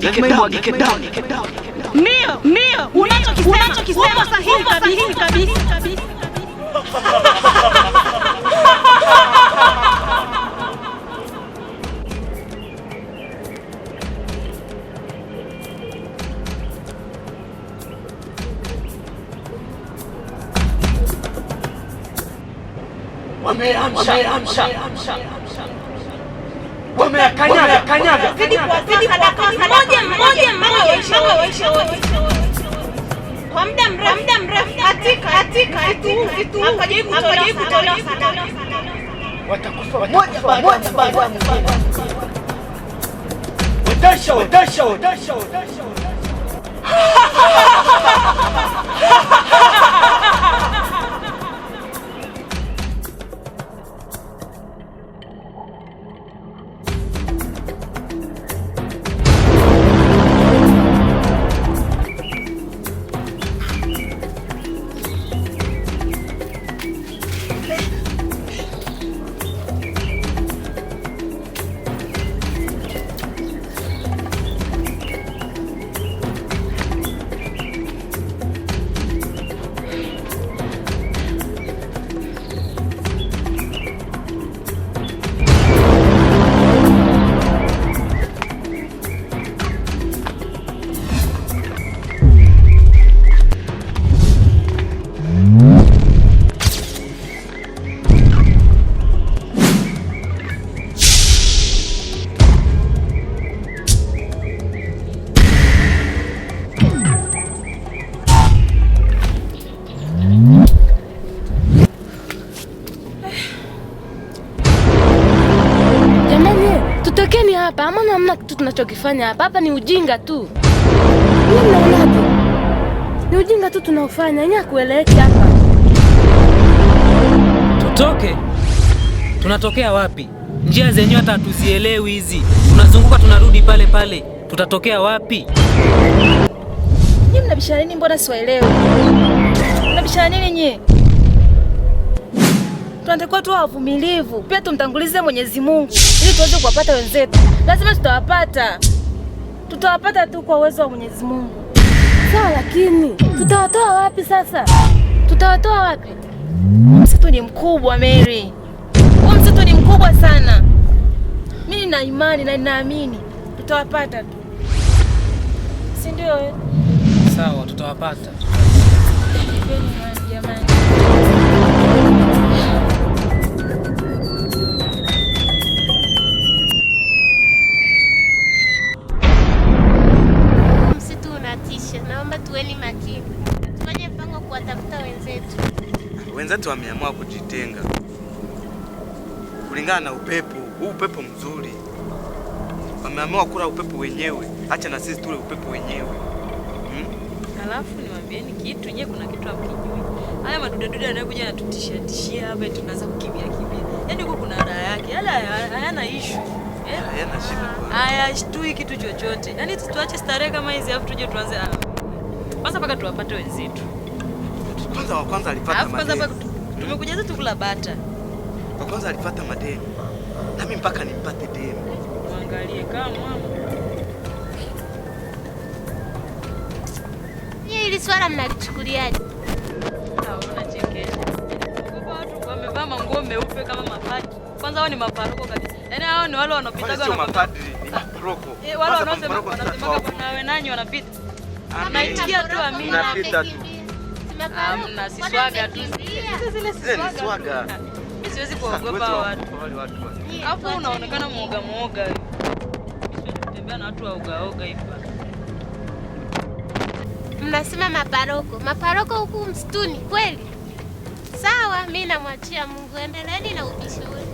imwagike damu. Ndio, ndio, unachokisema sahihi kabisa. Wameamsha. Kanyaga, kwa muda mrefu, muda mrefu. Katika katika vitu hapajawahi kutolewa sadaka. Watakufa moja baada ya mwingine. Watasha, watasha, watasha, watasha. Hakuna mna kitu tunachokifanya hapa. Hapa ni ujinga tu. Ni ujinga tu tunaofanya, yenyewe hakueleweki hapa. Tutoke? Tunatokea wapi? Njia zenyewe hata tuzielewi hizi. Tunazunguka tunarudi pale pale. Tutatokea wapi? Nyinyi mnabishana nini? Mbona siwaelewi? Mnabishana nini nyinyi? tunatakiwa tu wavumilivu pia, tumtangulize Mwenyezi Mungu ili tuweze kuwapata wenzetu. Lazima tutawapata, tutawapata tu kwa uwezo wa Mwenyezi Mungu. Sawa, lakini tutawatoa wapi sasa? Tutawatoa wapi? Msitu ni mkubwa Mary, huu msitu ni mkubwa sana. Mimi nina imani na ninaamini tutawapata tu, si ndio? Sawa, tutawapata. Jamani. wenzetu wameamua kujitenga kulingana na upepo huu, upepo mzuri. Wameamua kula upepo wenyewe, acha na sisi tule upepo wenyewe hmm? Alafu niwaambieni kitu, je, kuna kitu hamkijui? Haya madudaduda yanayokuja yanatutishia tishia hapa, tunaanza kukimbia kimbia, yaani huko kuna raha yake, yala hayana ishu eh? hayana shida, hayashtui kitu chochote. Yaani tuache starehe kama hizi, afu tuje tuanze ah. kwanza mpaka tuwapate wenzetu. Kwanza wa kwanza alipata madeni. Tumekuja tu kula bata. Wa kwanza alipata madeni. Na mimi mpaka nimpate deni. Muangalie kama mama. Yeye hili swala mnalichukuliaje? Wamevaa manguo meupe kama mapadri. Kwanza hao ni maparoko kabisa. Yaani hao ni wale wanapitaga na mapadri, ni maparoko. Eh, wale wanaosema wanasema kwa nani wanapita. Anaitikia tu amina. Anapita tu. Hamna, siwezi kuogopa watu. Hapo unaonekana mwoga mwoga. Tembea na watu hivi. Mnasema maparoko. Maparoko huku msituni kweli? Sawa, mi namwachia Mungu, endeleni na ubisho wenu.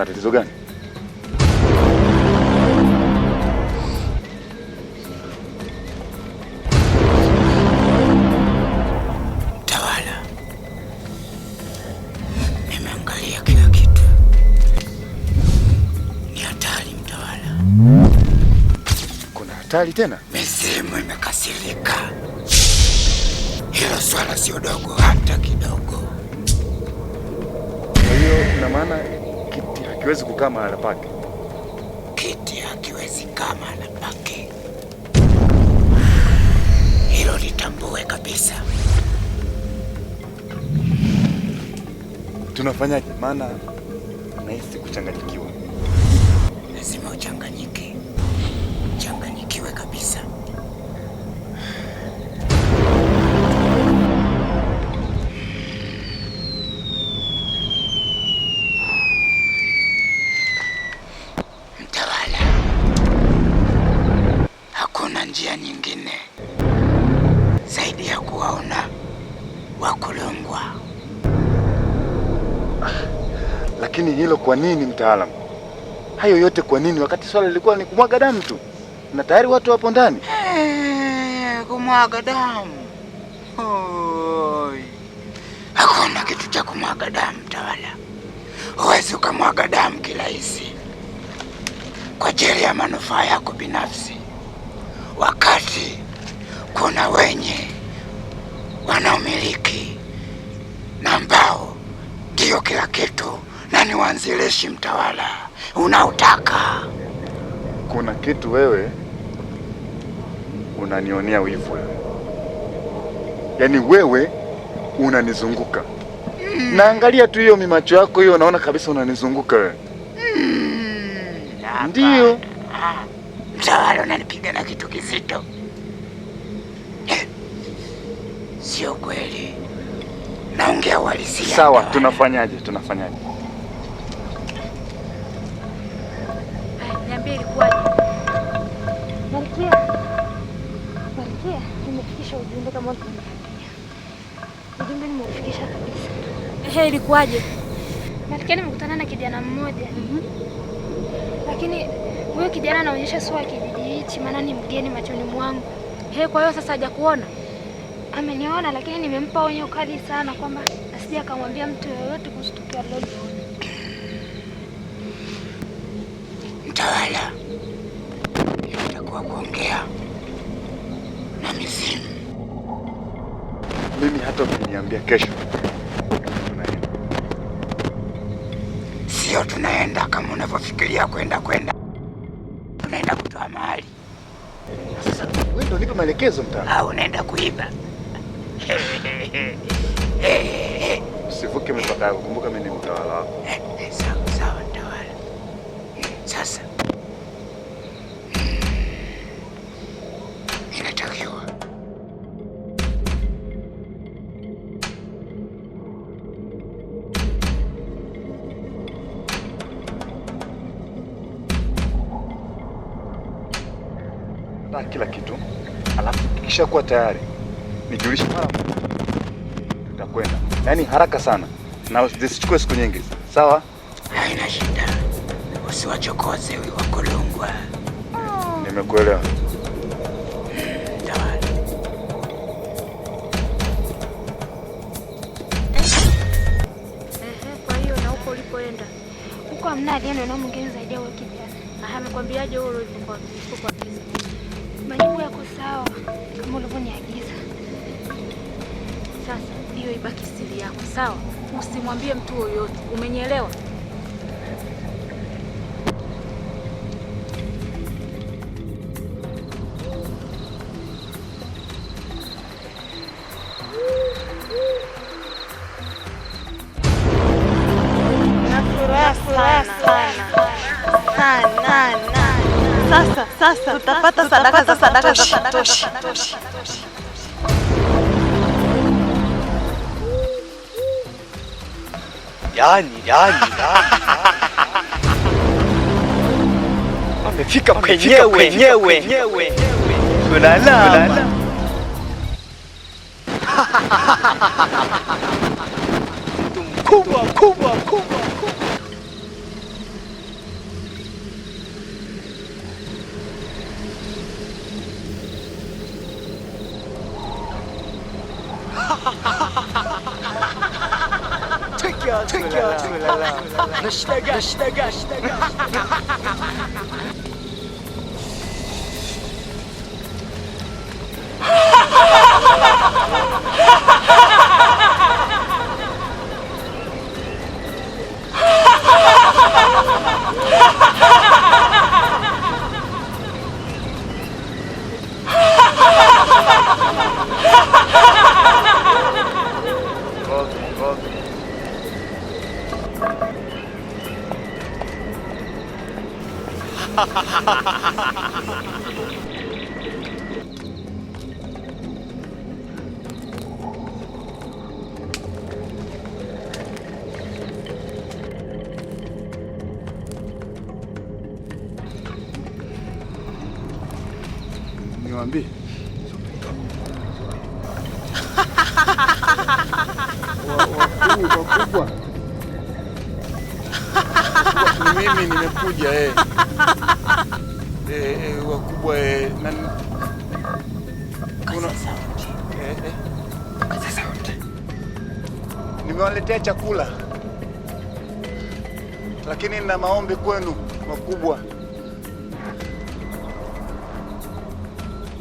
kuna tatizo gani? nimeangalia kila kitu, ni hatari mtawala. Kuna hatari tena? Mizimu imekasirika, hilo swala sio dogo hata kidogo. Kwa hiyo ina maana hakiwezi kukaa mahala pake. Kiti hakiwezi kaa mahala pake, hilo litambue kabisa. Tunafanyaje? Maana nahisi kuchanganyikiwa. Lazima uchanganyike, uchanganyikiwe kabisa. Lakini hilo kwa nini mtaalamu? Hayo yote kwa nini, wakati swala lilikuwa ni kumwaga damu tu na tayari watu wapo ndani. Hey, eh, kumwaga damu hakuna kitu cha kumwaga damu tawala. Huwezi ukamwaga damu kirahisi kwa ajili ya manufaa yako binafsi, wakati kuna wenye wanaomiliki na ambao ndiyo kila kitu na ni wanzilishi mtawala unaotaka. Kuna kitu wewe unanionea wivu, yaani wewe unanizunguka mm. Naangalia tu hiyo mimacho yako hiyo, naona kabisa unanizunguka wewe mm. Ndio ah, mtawala, unanipiga na kitu kizito, sio kweli? Naongea uhalisia. Sawa, tunafanyaje? Tunafanyaje? katika moto ujumbe nimeufikisha kabisa. Ehe, ilikuwaje? Nafikia nimekutana na kijana mmoja mm -hmm. Lakini huyo kijana anaonyesha sura kijiji hichi, maana ni mgeni machoni mwangu. Ehe, kwa hiyo sasa hajakuona? Ameniona, lakini nimempa onyo kali sana kwamba asije akamwambia mtu yoyote kuhusu tukio aliloliona. Mtawala, nitakuwa kuongea na mizimu mimi hata ukiniambia kesho tunaenda. Sio tunaenda kama unavyofikiria kwenda kwenda, tunaenda kutoa mali. Sasa wewe ndio nipe maelekezo mtaa. Ah, unaenda kuiba? Usivuke mipaka yako, kumbuka mimi ni mtawala wako. na kila kitu, alafu kuwa tayari nijulishe mara moja, tutakwenda yani haraka sana na zisichukue siku nyingi. Sawa, haina shida, usiwachokoze wakolongwa. Nimekuelewa. Hamna alieno na mwingine zaidi ya wewe kijana. amekwambiaje wewe ulipokuwa majibu yako sawa kama ulivyoniagiza. Sasa hiyo ibaki siri yako, sawa? Usimwambie mtu yoyote, umenyelewa? sasa tutapata sadaka za sadaka za kutosha. Yani, yani, yaani, yaani. amefika kwenyewe nyewe, tunalala mtu mkubwa kubwa kubwa 튀겨 튀겨 튀겨 시다가 시다가 시다가 완비. 와, 와, 와, 와, 와, 와. mimi nimekuja eh. eh. Eh, eh, wakubwa eh, na kuna eh, eh. Nimewaletea chakula lakini nina maombi kwenu makubwa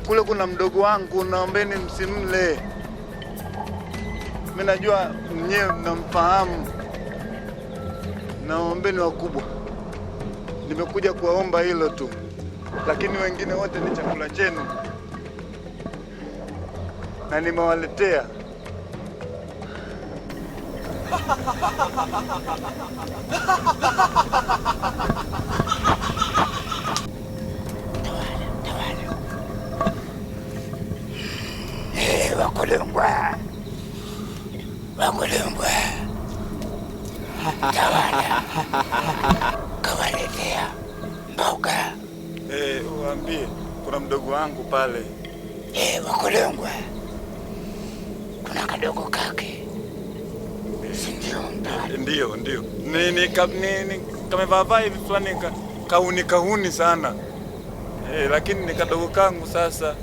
Kule kuna mdogo wangu, naombeni msimle. Mimi najua mnyewe mnamfahamu naombeni wakubwa, nimekuja kuwaomba hilo tu, lakini wengine wote ni chakula chenu na nimewaletea. Hey, wakulungwa wakulungwa tawala kawaletea mboga eh, uambie kuna mdogo wangu pale eh, wakolongwa kuna kadogo kake ndio ndio ni, ni, ni, ni hivi fulani kauni kauni sana eh, lakini ni kadogo kangu sasa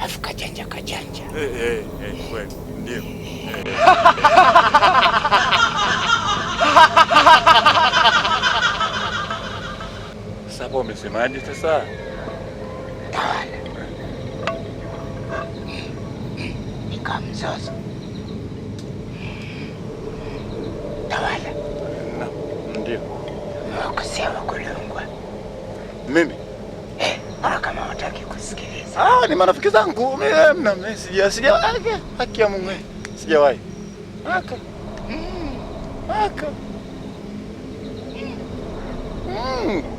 afu kajanja kajanja eh, eh, eh kweli ndio Sasa umesemaje sasa? Tawala nikamzozo tawala, ndio wakusema kulungwa mimi eh, mara kama kusikiliza. Ah, ni marafiki zangu ah, haki ya Mungu sijawahi aka hmm, aka Mm.